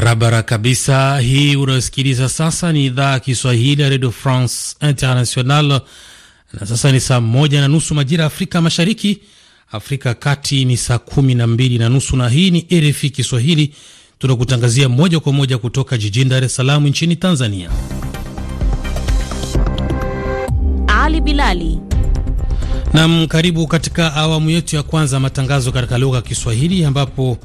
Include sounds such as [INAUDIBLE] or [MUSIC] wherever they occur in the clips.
Barabara kabisa. Hii unayosikiliza sasa ni idhaa ya Kiswahili ya Radio France International, na sasa ni saa moja na nusu majira ya Afrika Mashariki, Afrika Kati ni saa kumi na mbili na nusu na hii ni RFI Kiswahili, tunakutangazia moja kwa moja kutoka jijini Dar es Salaam nchini Tanzania. Ali Bilali nam, karibu katika awamu yetu ya kwanza matangazo katika lugha ya Kiswahili ambapo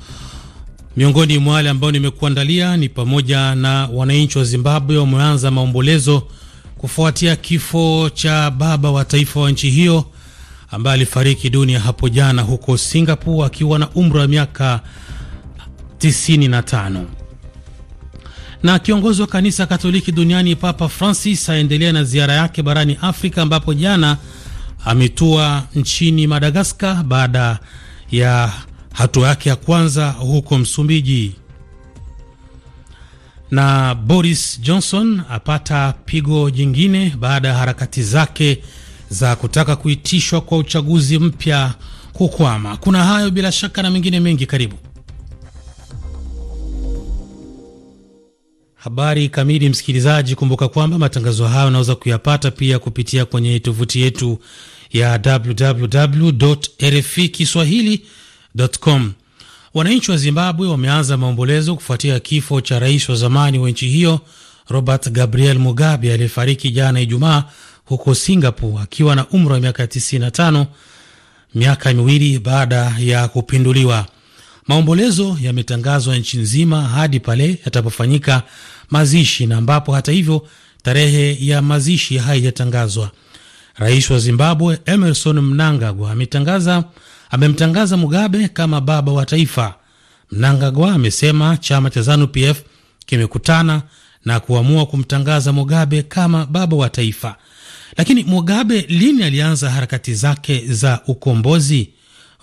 Miongoni mwa wale ambao nimekuandalia ni pamoja na wananchi wa Zimbabwe wameanza maombolezo kufuatia kifo cha baba wa taifa wa nchi hiyo ambaye alifariki dunia hapo jana huko Singapore akiwa na umri wa miaka 95. Na kiongozi wa kanisa Katoliki duniani Papa Francis aendelea na ziara yake barani Afrika ambapo jana ametua nchini Madagaskar baada ya hatua yake ya kwanza huko Msumbiji. Na Boris Johnson apata pigo jingine baada ya harakati zake za kutaka kuitishwa kwa uchaguzi mpya kukwama. Kuna hayo bila shaka na mengine mengi, karibu Habari kamili, msikilizaji. Kumbuka kwamba matangazo hayo unaweza kuyapata pia kupitia kwenye tovuti yetu ya www Kiswahili com. Wananchi wa Zimbabwe wameanza maombolezo kufuatia kifo cha rais wa zamani wa nchi hiyo Robert Gabriel Mugabe aliyefariki jana Ijumaa huko Singapore akiwa na umri wa miaka 95, miaka miwili baada ya kupinduliwa. Maombolezo yametangazwa nchi nzima hadi pale yatapofanyika mazishi, na ambapo hata hivyo tarehe ya mazishi haijatangazwa. Rais wa Zimbabwe Emerson Mnangagwa ametangaza amemtangaza Mugabe kama baba wa taifa. Mnangagwa amesema chama cha ZANU-PF kimekutana na kuamua kumtangaza Mugabe kama baba wa taifa. Lakini Mugabe lini alianza harakati zake za ukombozi?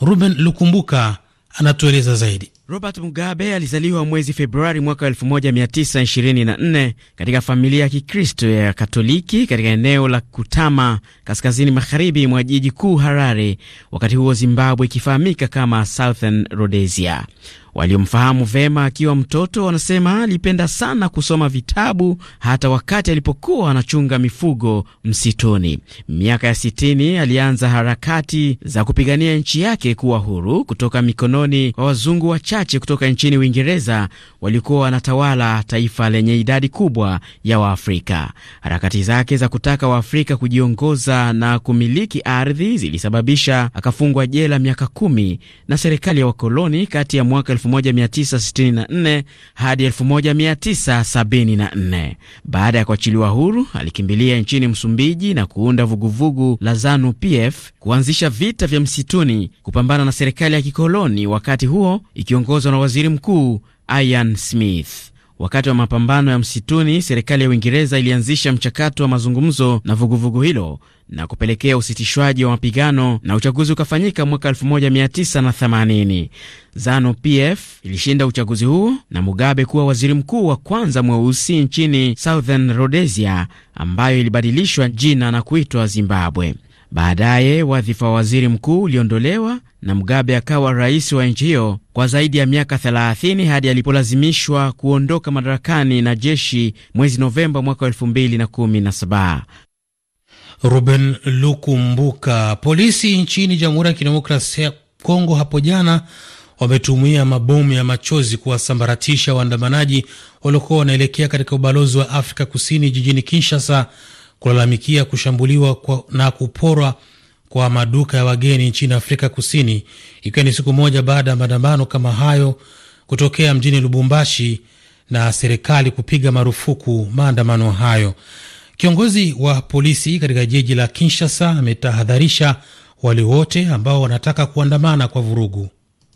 Ruben Lukumbuka anatueleza zaidi. Robert Mugabe alizaliwa mwezi Februari mwaka 1924 katika familia ya Kikristo ya Katoliki katika eneo la Kutama, kaskazini magharibi mwa jiji kuu Harare, wakati huo Zimbabwe ikifahamika kama Southern Rhodesia. Waliomfahamu vema akiwa mtoto wanasema alipenda sana kusoma vitabu hata wakati alipokuwa anachunga mifugo msituni. Miaka ya sitini alianza harakati za kupigania nchi yake kuwa huru kutoka mikononi kwa wazungu wachache kutoka nchini Uingereza waliokuwa wanatawala taifa lenye idadi kubwa ya Waafrika. Harakati zake za kutaka Waafrika kujiongoza na kumiliki ardhi zilisababisha akafungwa jela miaka kumi na serikali ya wakoloni kati ya mwaka 1964 hadi 1974. Baada ya kuachiliwa huru, alikimbilia nchini Msumbiji na kuunda vuguvugu la ZANU PF, kuanzisha vita vya msituni kupambana na serikali ya kikoloni, wakati huo ikiongozwa na waziri mkuu Ian Smith. Wakati wa mapambano ya msituni, serikali ya Uingereza ilianzisha mchakato wa mazungumzo na vuguvugu vugu hilo na kupelekea usitishwaji wa mapigano na uchaguzi ukafanyika mwaka 1980. Zanu PF ilishinda uchaguzi huu na Mugabe kuwa waziri mkuu wa kwanza mweusi nchini Southern Rhodesia, ambayo ilibadilishwa jina na kuitwa Zimbabwe. Baadaye wadhifa wa waziri mkuu uliondolewa na Mugabe akawa rais wa nchi hiyo kwa zaidi ya miaka 30 hadi alipolazimishwa kuondoka madarakani na jeshi mwezi Novemba mwaka 2017. Ruben Lukumbuka. Polisi nchini Jamhuri ya Kidemokrasia ya Kongo hapo jana wametumia mabomu ya machozi kuwasambaratisha waandamanaji waliokuwa wanaelekea katika ubalozi wa Afrika Kusini jijini Kinshasa kulalamikia kushambuliwa na kuporwa kwa maduka ya wageni nchini Afrika Kusini, ikiwa ni siku moja baada ya maandamano kama hayo kutokea mjini Lubumbashi na serikali kupiga marufuku maandamano hayo. Kiongozi wa polisi katika jiji la Kinshasa ametahadharisha wale wote ambao wanataka kuandamana kwa vurugu.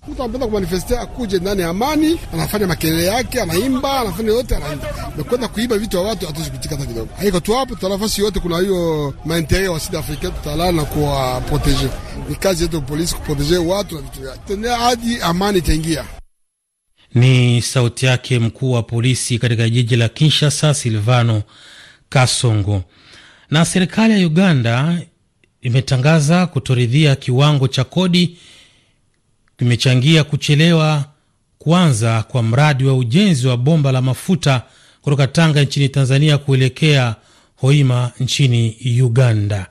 Mtu anapenda kumanifestia akuje ndani ya amani, anafanya makelele yake, anaimba, anafanya yote, anaimba na kuiba vitu vya watu, hatushikutika hata kidogo. Haiko tu hapo, tuna nafasi yote, kuna hiyo maintere wa sida afrika, tutalala na kuwaproteje. Ni kazi yetu polisi kuproteje watu na vitu vyake, tena hadi amani itaingia. Ni sauti yake mkuu wa polisi katika jiji la Kinshasa, Silvano Kasongo. Na serikali ya Uganda imetangaza kutoridhia kiwango cha kodi kimechangia kuchelewa kuanza kwa mradi wa ujenzi wa bomba la mafuta kutoka Tanga nchini Tanzania kuelekea Hoima nchini Uganda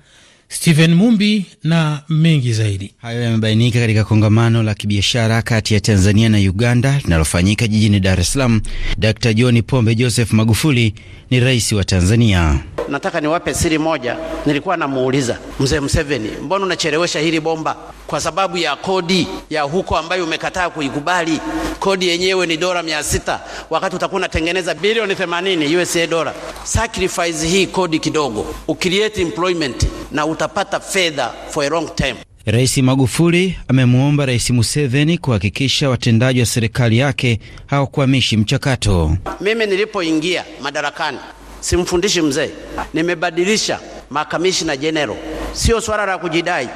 stephen Mumbi na mengi zaidi. Hayo yamebainika katika kongamano la kibiashara kati ya Tanzania na Uganda linalofanyika jijini Dar es Salaam. Dr. John Pombe Joseph Magufuli ni rais wa Tanzania. Nataka niwape siri moja. Nilikuwa namuuliza mzee Mseveni, mbona unachelewesha hili bomba? Kwa sababu ya kodi ya huko ambayo umekataa kuikubali. Kodi yenyewe ni dola mia sita wakati utakuwa unatengeneza bilioni 80 USA dola. Sacrifice hii kodi kidogo, ukreate employment na utapata fedha for a long time. Rais Magufuli amemwomba Rais Museveni kuhakikisha watendaji wa serikali yake hawakwamishi mchakato. Mimi nilipoingia madarakani simfundishi mzee, nimebadilisha makamishina general. Sio swala la kujidai,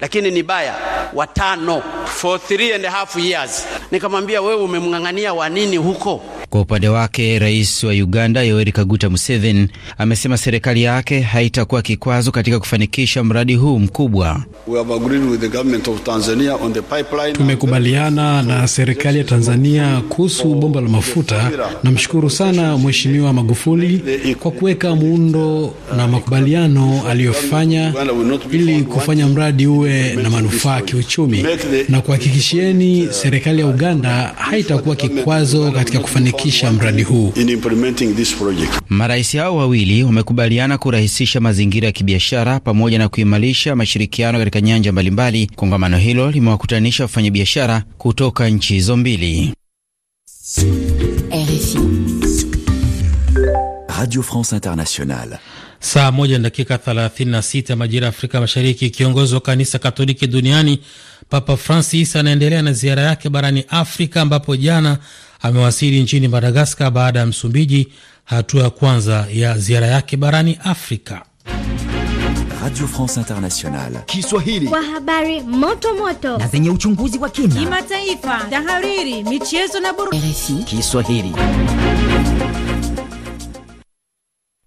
lakini ni baya watano for three and a half years. Nikamwambia wewe umemng'ang'ania wa nini huko? Kwa upande wake rais wa Uganda Yoweri Kaguta Museveni amesema serikali yake haitakuwa kikwazo katika kufanikisha mradi huu mkubwa. Tumekubaliana na serikali ya Tanzania kuhusu bomba la mafuta. Namshukuru sana Mheshimiwa Magufuli kwa kuweka muundo na makubaliano aliyofanya ili kufanya mradi iwe na manufaa kiuchumi, na kuhakikishieni serikali ya Uganda haitakuwa kikwazo katika kufanikisha mradi huu. Marais hao wawili wamekubaliana kurahisisha mazingira ya kibiashara pamoja na kuimarisha mashirikiano katika nyanja mbalimbali. Kongamano hilo limewakutanisha wafanyabiashara kutoka nchi hizo mbili. Radio France Internationale. Saa moja na dakika 36 majira ya Afrika Mashariki. Kiongozi wa kanisa Katoliki duniani Papa Francis anaendelea na ziara yake barani Afrika, ambapo jana amewasili nchini Madagaskar baada ya Msumbiji, hatua ya kwanza ya ziara yake barani Afrika. Radio France Internationale Kiswahili, kwa habari moto moto na zenye uchunguzi wa kina, kimataifa, tahariri, michezo na burudani. RFI Kiswahili.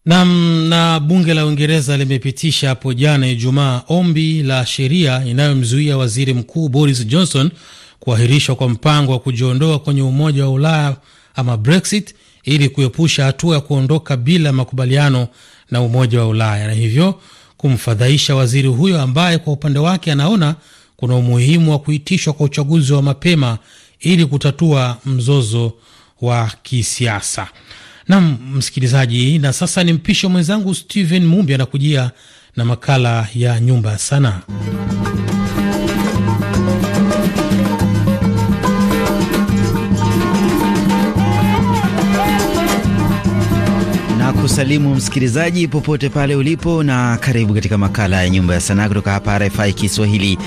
Nam. Na bunge la Uingereza limepitisha hapo jana Ijumaa ombi la sheria inayomzuia waziri mkuu Boris Johnson kuahirishwa kwa mpango wa kujiondoa kwenye Umoja wa Ulaya ama Brexit ili kuepusha hatua ya kuondoka bila makubaliano na Umoja wa Ulaya na hivyo kumfadhaisha waziri huyo ambaye kwa upande wake anaona kuna umuhimu wa kuitishwa kwa uchaguzi wa mapema ili kutatua mzozo wa kisiasa. Nam msikilizaji, na sasa ni mpisho mwenzangu Steven Mumbi anakujia na makala ya nyumba ya sanaa. kusalimu msikilizaji popote pale ulipo, na karibu katika makala ya Nyumba ya Sanaa kutoka hapa RFI Kiswahili.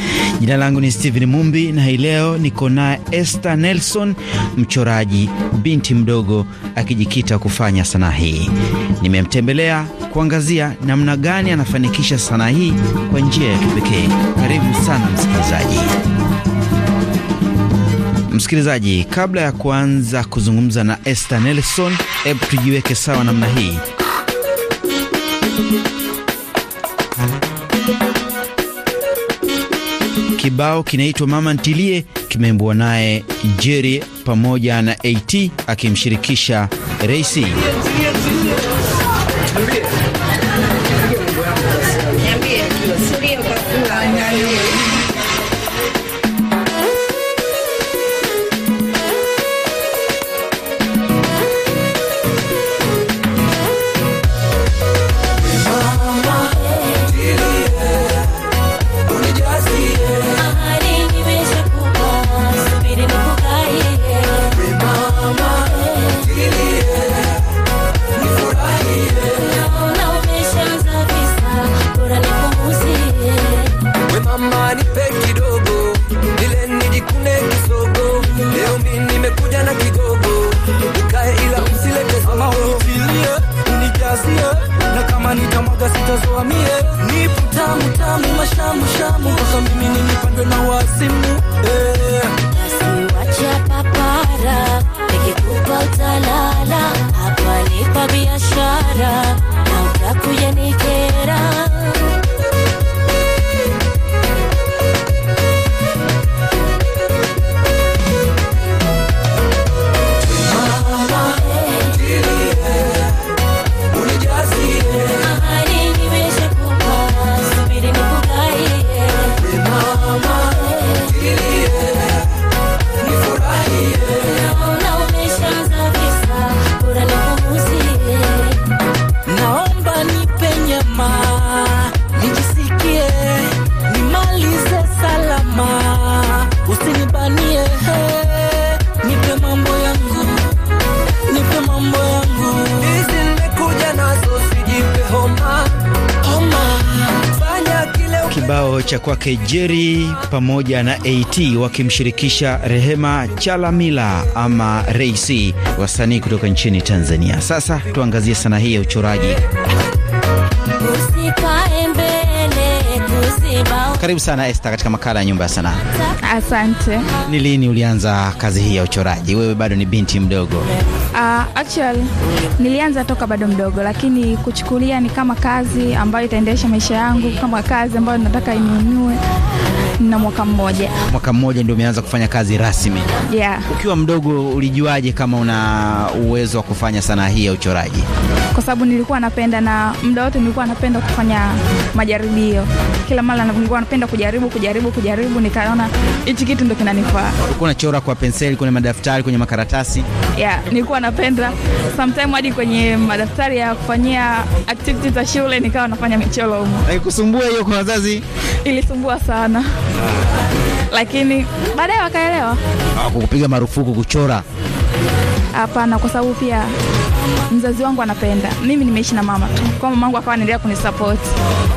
Jina langu ni Stephen Mumbi na hii leo niko naye Esther Nelson, mchoraji binti mdogo akijikita kufanya sanaa hii. Nimemtembelea kuangazia namna gani anafanikisha sanaa hii kwa njia ya kipekee. Karibu sana msikilizaji. Msikilizaji, kabla ya kuanza kuzungumza na Esther Nelson, hebu tujiweke sawa namna hii. Kibao kinaitwa Mama Ntilie kimeimbwa naye Jerry pamoja na AT akimshirikisha Reisi. cha kwake Jeri pamoja na AT wakimshirikisha Rehema Chalamila ama reic wasanii kutoka nchini Tanzania. Sasa tuangazie sanaa hii ya uchoraji. Karibu sana esta katika makala ya nyumba ya sanaa. Asante. Ni lini ulianza kazi hii ya uchoraji? Wewe bado ni binti mdogo. Uh, ah, actually nilianza toka bado mdogo, lakini kuchukulia ni kama kazi ambayo itaendesha maisha yangu, kama kazi ambayo nataka iniinue na mwaka mmoja. Mwaka mmoja ndio umeanza kufanya kazi rasmi? Yeah. Ukiwa mdogo ulijuaje kama una uwezo wa kufanya sanaa hii ya uchoraji? Kwa sababu nilikuwa napenda, na muda wote nilikuwa napenda kufanya majaribio. Kila mara nilikuwa napenda kujaribu kujaribu kujaribu, nikaona hichi kitu ndio kinanifaa. Ulikuwa unachora kwa penseli, kwenye madaftari, kwenye makaratasi? Yeah, nilikuwa napenda sometime hadi kwenye madaftari ya kufanyia activities za shule nikawa nafanya michoro Haikusumbua hiyo kwa wazazi? Ilisumbua sana lakini baadaye wakaelewa. Hawakukupiga marufuku kuchora? Hapana, kwa sababu pia mzazi wangu anapenda, mimi nimeishi na mama tu, kwa mamangu akawa anaendelea kunisupport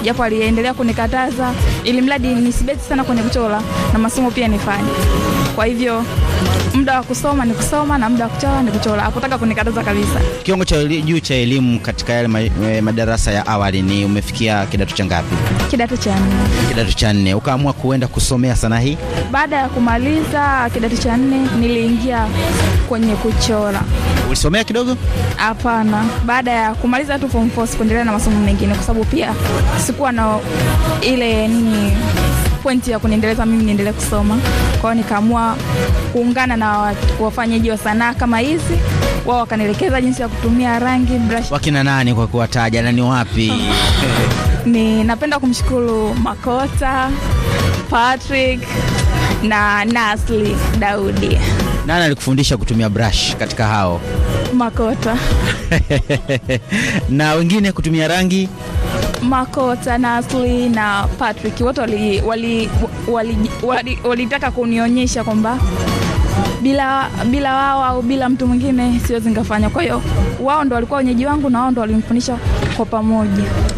japo aliendelea kunikataza, ili mradi nisibeti sana kwenye kuchora na masomo pia nifanye. Kwa hivyo muda wa kusoma ni kusoma na muda wa kuchora ni kuchora, hakutaka kunikataza kabisa. Kiwango cha juu cha elimu katika yale e, madarasa ya awali ni umefikia kidato cha ngapi? Kidato cha nne. Kidato cha nne ukaamua kuenda kusomea sanaa hii? Baada ya kumaliza kidato cha nne niliingia kwenye kuchora Ulisomea kidogo? Hapana, baada ya kumaliza tu form 4 sikuendelea na masomo mengine, kwa sababu pia sikuwa na ile nini pointi ya kuniendeleza mimi niendelee kusoma. Kwa hiyo nikaamua kuungana na wafanyaji wa sanaa kama hizi, wao wakanielekeza jinsi ya kutumia rangi brush. Wakina nani kwa kuwataja na ni wapi? [LAUGHS] Ni napenda kumshukuru Makota Patrick na Nasli Daudi. Nani alikufundisha kutumia brush katika hao? Makota. [LAUGHS] na wengine kutumia rangi? Makota na Asli na Patrick wote walitaka wali, wali, wali, kunionyesha kwamba bila bila wao au bila mtu mwingine siwezi ngafanya. Kwa hiyo wao ndo walikuwa wenyeji wangu na wao ndo walinifundisha kwa pamoja.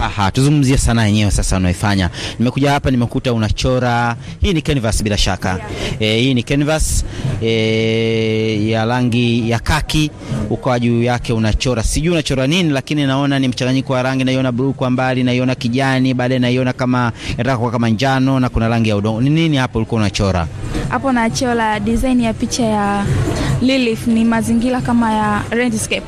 Aha, tuzungumzie sanaa yenyewe sasa unaifanya. Nimekuja hapa nimekuta unachora. Hii ni canvas bila shaka. Yeah. E, hii ni canvas e, ya rangi ya kaki, ukawa juu yake unachora. Sijui unachora nini, lakini naona ni mchanganyiko wa rangi, naiona blue kwa mbali, naiona kijani, baadaye naiona kama nataka kama njano na kuna rangi ya udongo. Ni nini hapo ulikuwa unachora? Hapo nachora design ya picha ya Lilith, ni mazingira kama ya landscape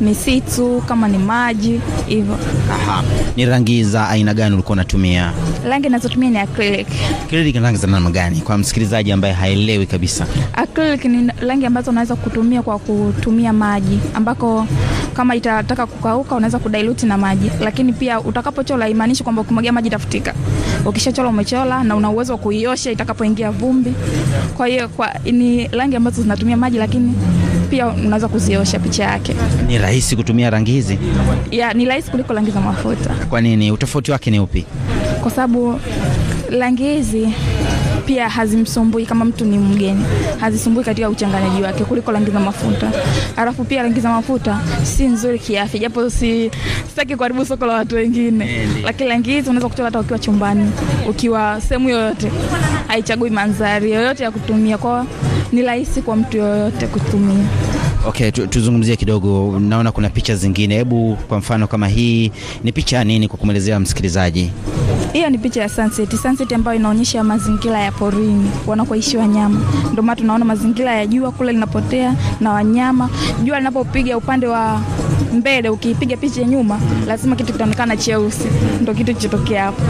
misitu kama ni maji hivyo. Aha. Ni rangi za aina gani ulikuwa unatumia? Rangi nazotumia ni acrylic. Acrylic ni rangi za namna gani kwa msikilizaji ambaye haelewi kabisa? Acrylic ni rangi ambazo unaweza kutumia kwa kutumia maji ambako kama itataka kukauka unaweza kudiluti na maji, lakini pia utakapochola imaanishi kwamba ukimwagia maji itafutika. Ukishachola umechola na una uwezo wa kuiosha itakapoingia vumbi. Kwa hiyo kwa ni rangi ambazo zinatumia maji lakini pia unaweza kuziosha picha yake. Ni rahisi kutumia rangi hizi? Yeah, ni rahisi kuliko rangi za mafuta. Kwa nini? Utofauti wake ni upi? Kwa sababu rangi hizi pia hazimsumbui kama mtu ni mgeni, hazisumbui katika uchanganyaji wake kuliko rangi za mafuta. Alafu pia rangi za mafuta si nzuri kiafya, japo si sitaki kuharibu soko la watu wengine, eh, lakini rangi hizi unaweza kutoa hata ukiwa chumbani, ukiwa sehemu yoyote, haichagui mandhari yoyote ya kutumia kwao ni rahisi kwa mtu yoyote kutumia. Okay, tuzungumzie kidogo. Naona kuna picha zingine, hebu kwa mfano kama hii ni picha ya nini, kwa kumwelezea msikilizaji? Hiyo ni picha ya sunset. Sunset ambayo inaonyesha mazingira ya porini wanakoishi wanyama, ndio maana tunaona mazingira ya jua kule linapotea na wanyama, jua linapopiga upande wa mbele, ukiipiga picha nyuma, lazima kitu kitaonekana cheusi. Ndio kitu kichotokea hapo.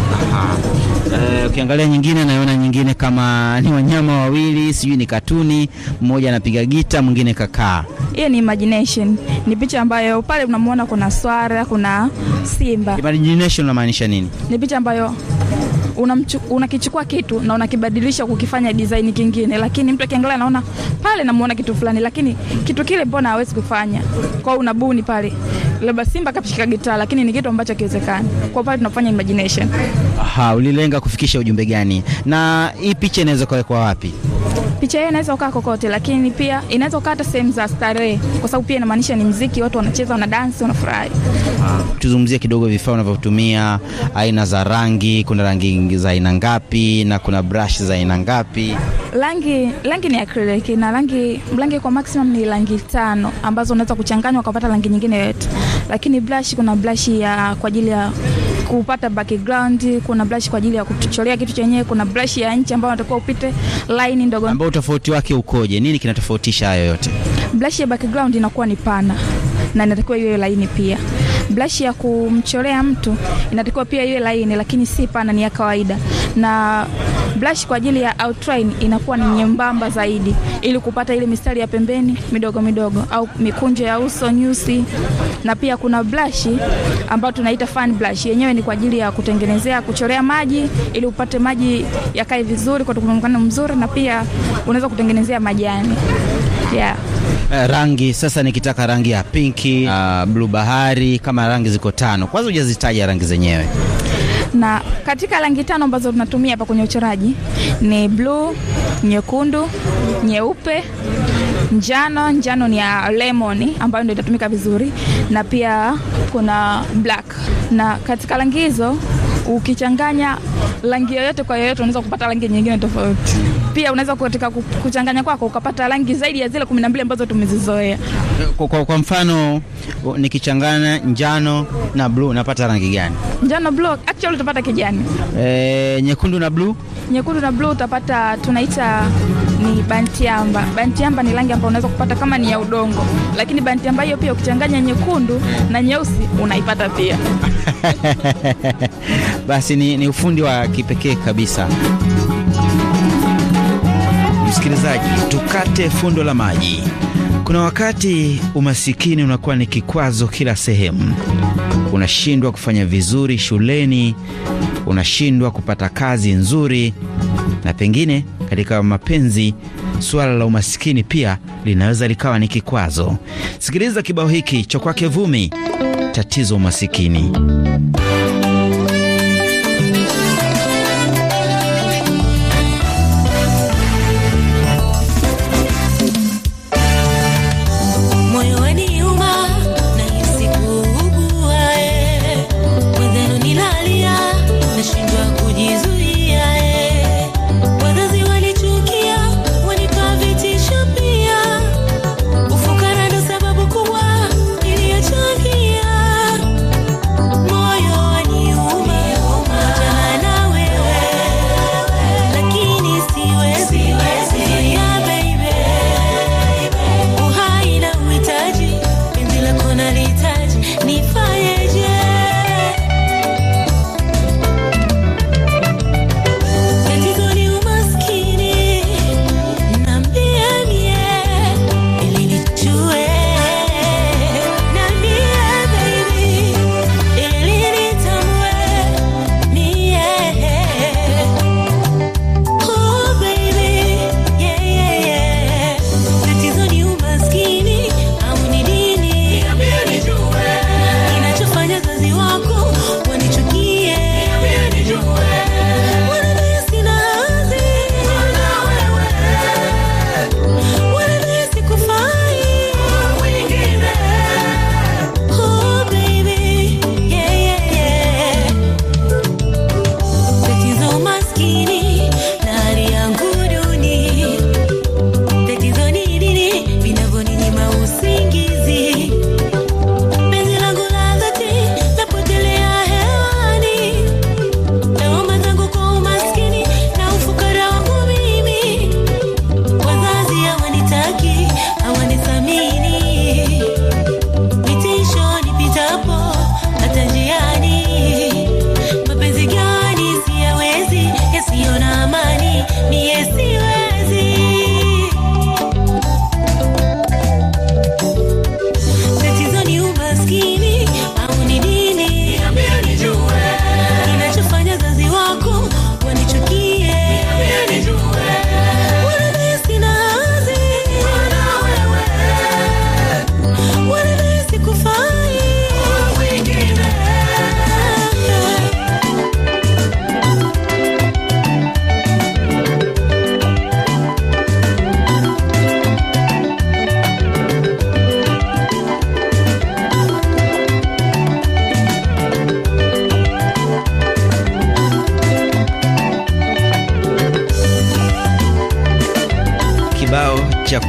Uh, ukiangalia nyingine naona nyingine kama [LAUGHS] ni wanyama wawili, sijui ni katuni, mmoja anapiga gita, mwingine kakaa. Hiyo ni imagination, ni picha ambayo pale unamwona kuna swara, kuna simba. Imagination inamaanisha nini? Ni picha ambayo unakichukua una kitu na unakibadilisha kukifanya design kingine, lakini mtu akiangalia anaona pale namuona kitu fulani, lakini kitu kile mbona hawezi kufanya kwao, unabuni pale labda simba kapishika gitaa, lakini ni kitu ambacho kiwezekani kwa pale tunafanya imagination. Aha, ulilenga kufikisha ujumbe gani na hii picha inaweza kuwekwa wapi? picha hiyo inaweza ukaa kokote, lakini pia inaweza ukaa hata sehemu za starehe, kwa sababu pia inamaanisha ni mziki, watu wanacheza, dansi wanafurahi. Tuzungumzie kidogo vifaa unavyotumia, aina za rangi. Kuna rangi za aina ngapi na kuna brush za aina ngapi? Rangi rangi ni acrylic na rangi rangi kwa maximum ni rangi tano ambazo unaweza kuchanganywa ukapata rangi nyingine yoyote, lakini brush, kuna brush ya kwa ajili ya kupata background, kuna brush kwa ajili ya kutucholea kitu chenyewe, kuna brush ya nchi ambayo unatakiwa upite line ndogo. ambayo utofauti wake ukoje? Nini kinatofautisha hayo yote? Brush ya background inakuwa ni pana na inatakiwa iwe laini pia. Brush ya kumchorea mtu inatakiwa pia iwe laini, lakini si pana, ni ya kawaida na Blush kwa ajili ya outline inakuwa ni nyembamba zaidi, ili kupata ile mistari ya pembeni midogo midogo au mikunjo ya uso, nyusi. Na pia kuna blush ambayo tunaita fan blush, yenyewe ni kwa ajili ya kutengenezea, kuchorea maji, ili upate maji yakae vizuri kwa muonekano mzuri, na pia unaweza kutengenezea majani yeah. Eh, rangi sasa, nikitaka rangi ya pinki, uh, ah, bluu bahari, kama rangi ziko tano. Kwanza hujazitaja rangi zenyewe na katika rangi tano ambazo tunatumia hapa kwenye uchoraji ni bluu, nyekundu, nyeupe, njano. Njano ni ya lemon ambayo ndio itatumika vizuri, na pia kuna black, na katika rangi hizo Ukichanganya rangi yoyote kwa yoyote, unaweza kupata rangi nyingine tofauti. Pia unaweza katika kuchanganya kwako ukapata rangi zaidi ya zile kumi na mbili ambazo tumezizoea. Kwa, kwa, kwa mfano nikichanganya njano na blue napata rangi gani? Njano blue, actually utapata kijani. E, nyekundu na blue? Nyekundu na blue utapata tunaita ni bantiamba. Bantiamba ni rangi ambayo unaweza kupata kama ni ya udongo, lakini bantiamba hiyo pia ukichanganya nyekundu na nyeusi unaipata pia. [LAUGHS] Basi ni, ni ufundi wa kipekee kabisa. Msikilizaji, tukate fundo la maji. Kuna wakati umasikini unakuwa ni kikwazo kila sehemu. Unashindwa kufanya vizuri shuleni, unashindwa kupata kazi nzuri, na pengine katika mapenzi suala la umasikini pia linaweza likawa ni kikwazo. Sikiliza kibao hiki cha kwake Vumi, tatizo umasikini.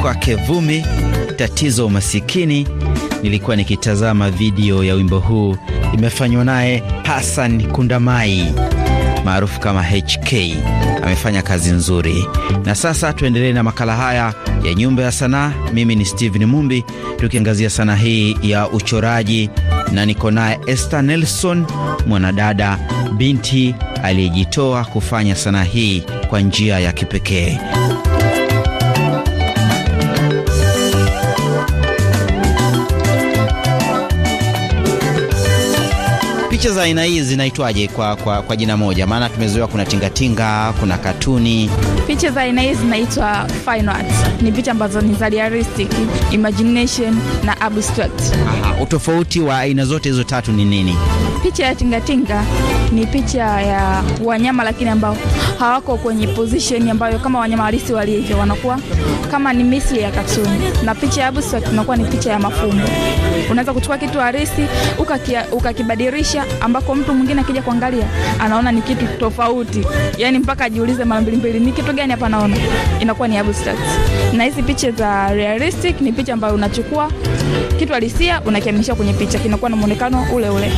kwake Vumi, tatizo umasikini. Nilikuwa nikitazama video ya wimbo huu, imefanywa naye hasan Kundamai maarufu kama HK. Amefanya kazi nzuri, na sasa tuendelee na makala haya ya Nyumba ya Sanaa. Mimi ni stehen Mumbi, tukiangazia sanaa hii ya uchoraji, na niko naye este Nelson, mwanadada binti aliyejitoa kufanya sanaa hii kwa njia ya kipekee. picha za aina hii zinaitwaje kwa, kwa, kwa jina moja? Maana tumezoea kuna tingatinga, kuna katuni. Picha za aina hii zinaitwa fine art, ni picha ambazo ni za realistic, imagination na abstract. Aha, utofauti wa aina zote hizo tatu ni nini? Picha ya tingatinga ni picha ya wanyama lakini ambao hawako kwenye position ambayo kama wanyama halisi walivyo, wanakuwa kama ni misli ya katuni, na picha ya abstract inakuwa ni picha ya mafumbo. Unaweza kuchukua kitu halisi ukakibadilisha, uka ambako mtu mwingine akija kuangalia anaona ni kitu tofauti, yani mpaka ajiulize mara mbili mbili, ni kitu gani hapa naona. Inakuwa ni abstract. Na hizi picha za realistic ni picha ambayo unachukua kitu halisia unakiamisha kwenye picha, kinakuwa na muonekano ule ule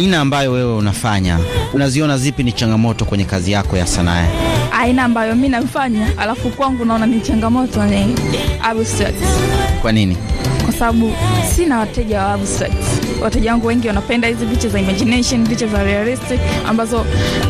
aina ambayo wewe unafanya, unaziona zipi ni changamoto kwenye kazi yako ya sanaa? Aina ambayo mi nafanya alafu kwangu naona ni changamoto ni abstract. Kwa nini? Kwa sababu sina wateja wa abstract. Wateja wangu wengi wanapenda hizi picha za imagination, picha za realistic ambazo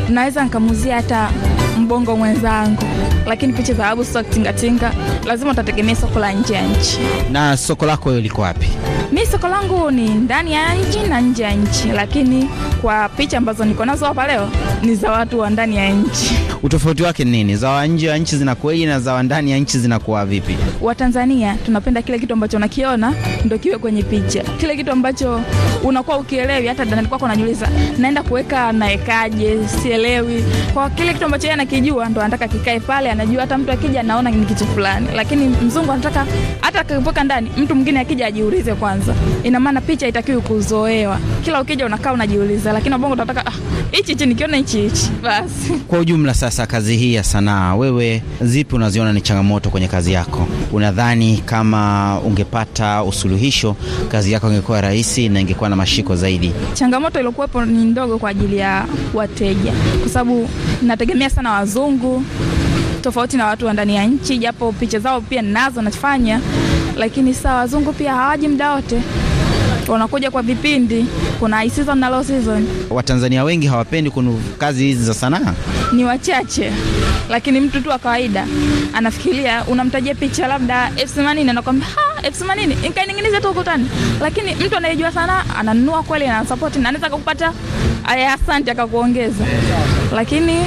naweza nikamuzia hata mbongo mwenzangu, lakini picha za abstract tingatinga, lazima utategemea soko la nje ya nchi. Na soko lako hiyo liko wapi? Mi soko langu ni ndani ya nchi na nje ya nchi, lakini kwa picha ambazo niko nazo hapa leo ni za watu wa ndani ya nchi. Utofauti wake nini? Za nje ya nchi zinakuwaje na za ndani ya nchi zinakuwa vipi? Watanzania tunapenda kile kitu ambacho unakiona ndio kiwe kwenye picha, kile kitu ambacho unakuwa ukielewi, hata ndani kwako unajiuliza, naenda kuweka naekaje? Sielewi. Kwa kile kitu ambacho yeye anakijua ndo anataka kikae pale, anajua hata mtu akija anaona ni kitu fulani, lakini mzungu anataka hata akipoka ndani, mtu mwingine akija ajiulize kwanza kwanza. Ina maana picha itakiwi kuzoewa, kila ukija unakaa unajiuliza, lakini wabongo tunataka ah, hichi hichi nikiona hichi hichi basi. Kwa ujumla, sasa kazi hii ya sanaa, wewe zipi unaziona ni changamoto kwenye kazi yako? Unadhani kama ungepata usuluhisho kazi yako ingekuwa rahisi na ingekuwa na mashiko zaidi? Changamoto iliyokuwepo ni ndogo kwa ajili ya wateja, kwa sababu nategemea sana wazungu tofauti na watu wa ndani ya nchi, japo picha zao pia ninazo nafanya lakini saa wazungu pia hawaji mda wote, wanakuja kwa vipindi. Kuna season na low season. Watanzania wengi hawapendi kunu kazi hizi za sanaa, ni wachache, lakini mtu tu wa kawaida anafikiria, unamtajia picha labda elfu themanini anakwambia elfu themanini nikaining'iniza tu ukutani, lakini mtu anayejua sana ananunua kweli na support na anaweza kukupata, asante akakuongeza, lakini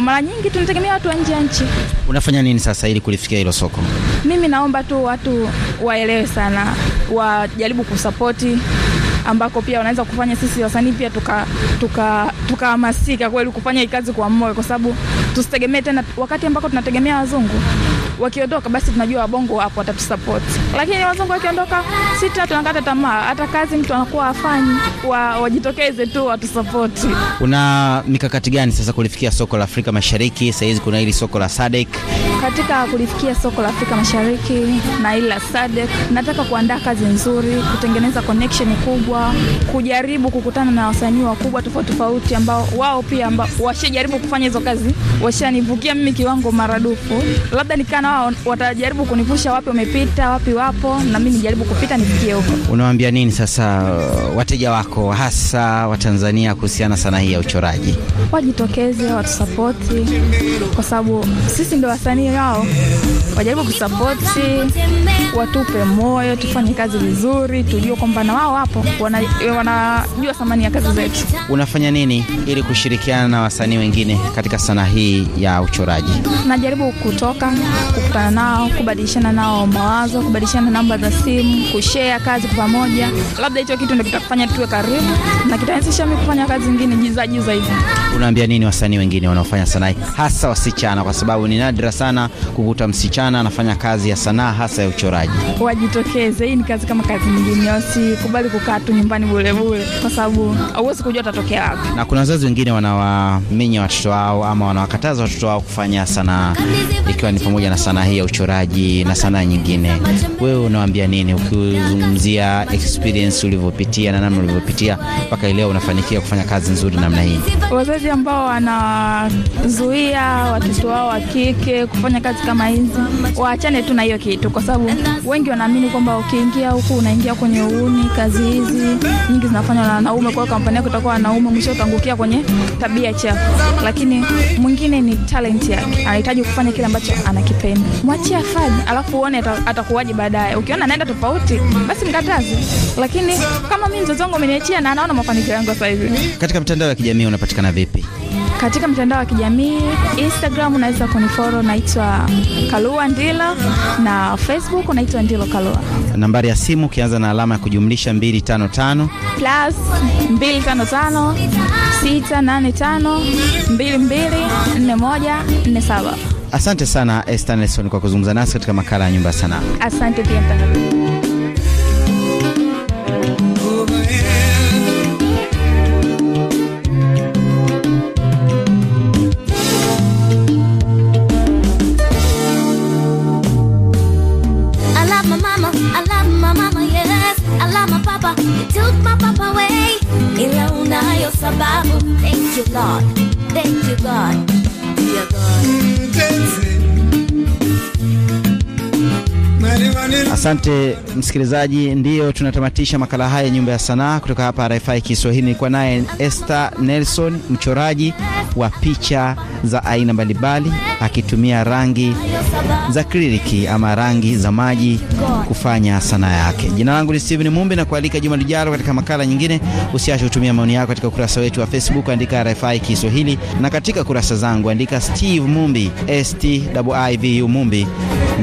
mara nyingi tunategemea watu wa nje ya nchi. Unafanya nini sasa ili kulifikia hilo soko? Mimi naomba tu watu waelewe sana, wajaribu kusapoti ambako pia wanaweza kufanya sisi wasanii pia tukahamasika tuka, tuka kweli kufanya hii kazi kwa moyo, kwa sababu tusitegemee tena, wakati ambako tunategemea wazungu wakiondoka basi tunajua wabongo wapo watatusapoti, lakini wazungu wakiondoka sita tunakata tamaa, hata kazi mtu anakuwa afanyi, wa, wajitokeze tu watusapoti. Kuna mikakati gani sasa kulifikia soko la Afrika Mashariki? Sahizi kuna hili soko la SADC katika kulifikia soko la Afrika Mashariki na ile la SADC, nataka kuandaa kazi nzuri, kutengeneza connection kubwa, kujaribu kukutana na wasanii wakubwa tofauti tofauti ambao wao pia ambao washajaribu kufanya hizo kazi, washanivukia mimi kiwango maradufu. Labda nikaa na wao, watajaribu kunivusha wapi wamepita, wapi wapo, na mimi nijaribu kupita nifikie huko. Unawaambia nini sasa uh, wateja wako hasa Watanzania kuhusiana sana hii ya uchoraji? Wajitokeze, watusapoti kwa sababu sisi ndio wasanii yao, wajaribu kusapoti, watupe moyo, tufanye kazi vizuri, tujue kwamba na wao hapo wanajua wana thamani ya kazi zetu. Unafanya nini ili kushirikiana na wasanii wengine katika sanaa hii ya uchoraji? Najaribu kutoka, kukutana nao, kubadilishana nao mawazo, kubadilishana namba za simu, kushea kazi kwa pamoja. Labda hicho kitu ndio kitafanya tuwe karibu na kitawezesha mimi kufanya kazi nyingine jizaji zaidi. Unaambia nini wasanii wengine wanaofanya sanaa hasa wasichana, kwa sababu ni nadra sana sana kukuta msichana anafanya kazi ya sanaa hasa ya uchoraji. Wajitokeze, hii ni kazi kama kazi nyingine, wasikubali kukaa tu nyumbani bulebule, kwa sababu hauwezi kujua tatokea wapi. Na kuna wazazi wengine wanawamenya watoto wao ama wanawakataza watoto wao kufanya sanaa, ikiwa ni pamoja na sanaa hii ya uchoraji na sanaa nyingine. Wewe unawaambia nini ukizungumzia experience ulivyopitia na namna ulivyopitia mpaka leo unafanikiwa kufanya kazi nzuri namna hii? Wazazi ambao wanazuia watoto wao wa kike kufanya kufanya kazi kama hizi, waachane tu na hiyo kitu, kwa sababu wengi wanaamini kwamba ukiingia huku unaingia kwenye uuni. Kazi hizi nyingi zinafanywa na wanaume, kwa hiyo kampani yako itakuwa wanaume, mwisho utaangukia kwenye tabia chafu. Lakini mwingine ni talent yake, anahitaji kufanya kile ambacho anakipenda, mwachie afanye, alafu uone atakuwaje baadaye. Ukiona anaenda tofauti, basi mkataze. Lakini kama mimi mtoto wangu ameniachia na anaona mafanikio yangu sasa hivi. Katika mtandao ya kijamii unapatikana vipi? katika mtandao wa kijamii Instagram unaweza kunifollow, naitwa Kalua Ndila, na Facebook unaitwa Ndilo Kalua. Nambari ya simu ukianza na alama ya kujumlisha 255 plus 255 685 Asante sana este Nelson kwa kuzungumza nasi katika makala ya nyumba ya sanaa. Asante pia mtangazaji. the Bible. Thank you, Thank you, God. Dear God. Asante msikilizaji, ndiyo tunatamatisha makala haya Nyumba ya Sanaa kutoka hapa RFI Kiswahili. Nilikuwa naye Esther Nelson, mchoraji wa picha za aina mbalimbali akitumia rangi za kliriki ama rangi za maji kufanya sanaa yake. Jina langu ni Steven Mumbi na kualika juma lijalo katika makala nyingine. Usiache kutumia maoni yako katika ukurasa wetu wa Facebook, andika RFI Kiswahili, na katika kurasa zangu andika Steve Mumbi, Stivu Mumbi,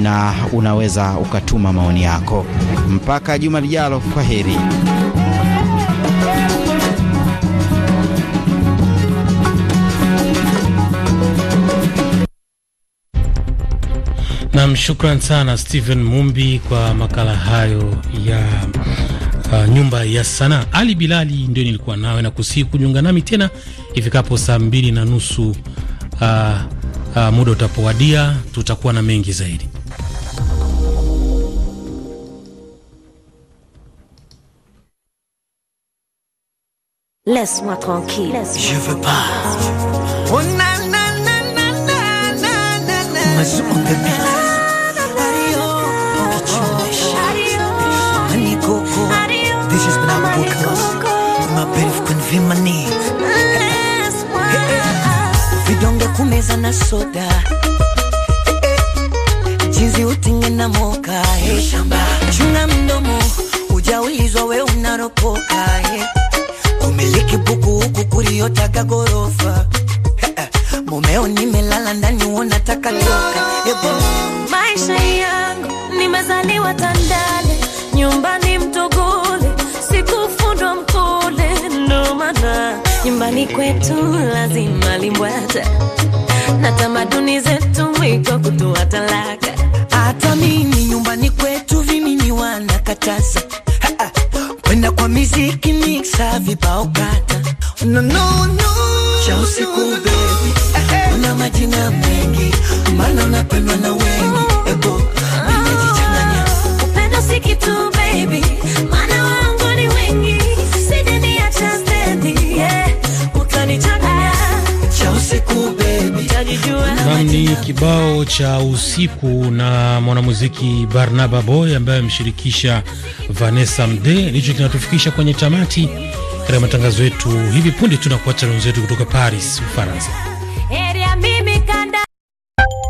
na unaweza ukatuma maoni yako. Mpaka juma lijalo, kwa heri. Nam, shukran sana Stephen Mumbi kwa makala hayo ya uh, nyumba ya sanaa. Ali Bilali ndio nilikuwa nawe na kusihi kujiunga nami tena ifikapo saa mbili na nusu uh, uh, muda utapowadia, tutakuwa na mengi zaidi. Laisse-moi tranquille. Je veux pas. Oh, na, na, na, na, na, na, na, na, na soda eh, jinsi utinge na moka eh, chunga mdomo ujaulizwa we unaropoka eh, umiliki buku huku kuriotaka gorofa eh, mumeo nimelala ndani unataka toka eh, maisha yangu nimezaliwa Tandale nyumbani Mtogole sikufundwa Mkole ndomana nyumbani kwetu lazima limbwata na tamaduni zetu mwiko kutoa talaka. Hata mimi nyumbani kwetu vimimi wanakataza kwenda kwa miziki mixa vibao kata no, no, no, cha usiku bebi eh, eh. una majina mengi mana unapendwa na wengi ebo nimejichanganya upendo si kitu mana wangu ni wengi sijaniacha yeah. Nam ni kibao cha usiku na mwanamuziki Barnaba Boy ambaye ameshirikisha Vanessa Mde, ndicho kinatufikisha kwenye tamati katika matangazo yetu hivi punde. Tunakuacha wenzetu kutoka Paris, Ufaransa.